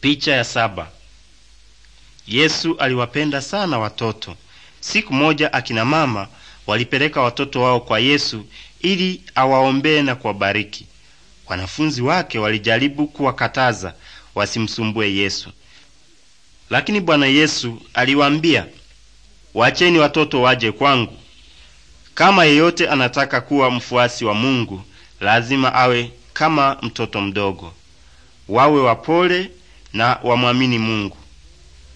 Picha ya saba. Yesu aliwapenda sana watoto. Siku moja akina mama walipeleka watoto wao kwa Yesu ili awaombee na kuwabariki. Wanafunzi wake walijaribu kuwakataza wasimsumbue Yesu, lakini Bwana Yesu aliwaambia, wacheni watoto waje kwangu. Kama yeyote anataka kuwa mfuasi wa Mungu lazima awe kama mtoto mdogo, wawe wapole na wamwamini Mungu.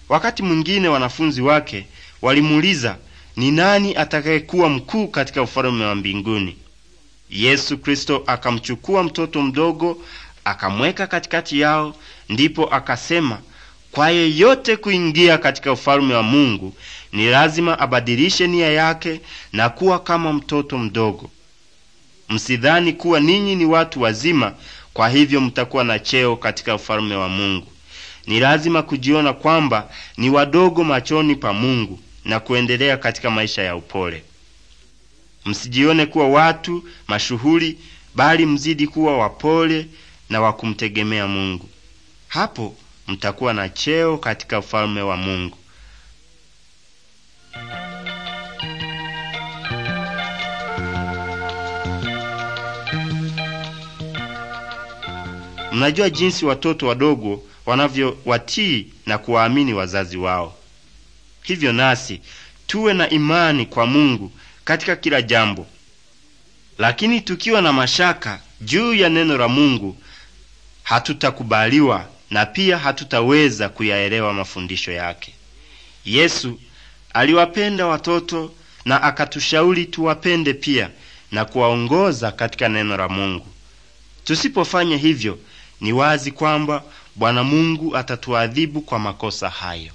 Wakati mwingine wanafunzi wake walimuuliza, ni nani atakayekuwa mkuu katika ufalme wa mbinguni? Yesu Kristo akamchukua mtoto mdogo akamweka katikati yao, ndipo akasema, kwa yeyote kuingia katika ufalme wa Mungu ni lazima abadilishe nia yake na kuwa kama mtoto mdogo. Msidhani kuwa ninyi ni watu wazima, kwa hivyo mtakuwa na cheo katika ufalme wa Mungu ni lazima kujiona kwamba ni wadogo machoni pa Mungu na kuendelea katika maisha ya upole. Msijione kuwa watu mashuhuri, bali mzidi kuwa wapole na wa kumtegemea Mungu. Hapo mtakuwa na cheo katika ufalme wa Mungu. Mnajua jinsi watoto wadogo wanavyowatii na kuwaamini wazazi wao. Hivyo nasi tuwe na imani kwa Mungu katika kila jambo, lakini tukiwa na mashaka juu ya neno la Mungu hatutakubaliwa na pia hatutaweza kuyaelewa mafundisho yake. Yesu aliwapenda watoto na akatushauri tuwapende pia na kuwaongoza katika neno la Mungu. Tusipofanya hivyo, ni wazi kwamba Bwana Mungu atatuadhibu kwa makosa hayo.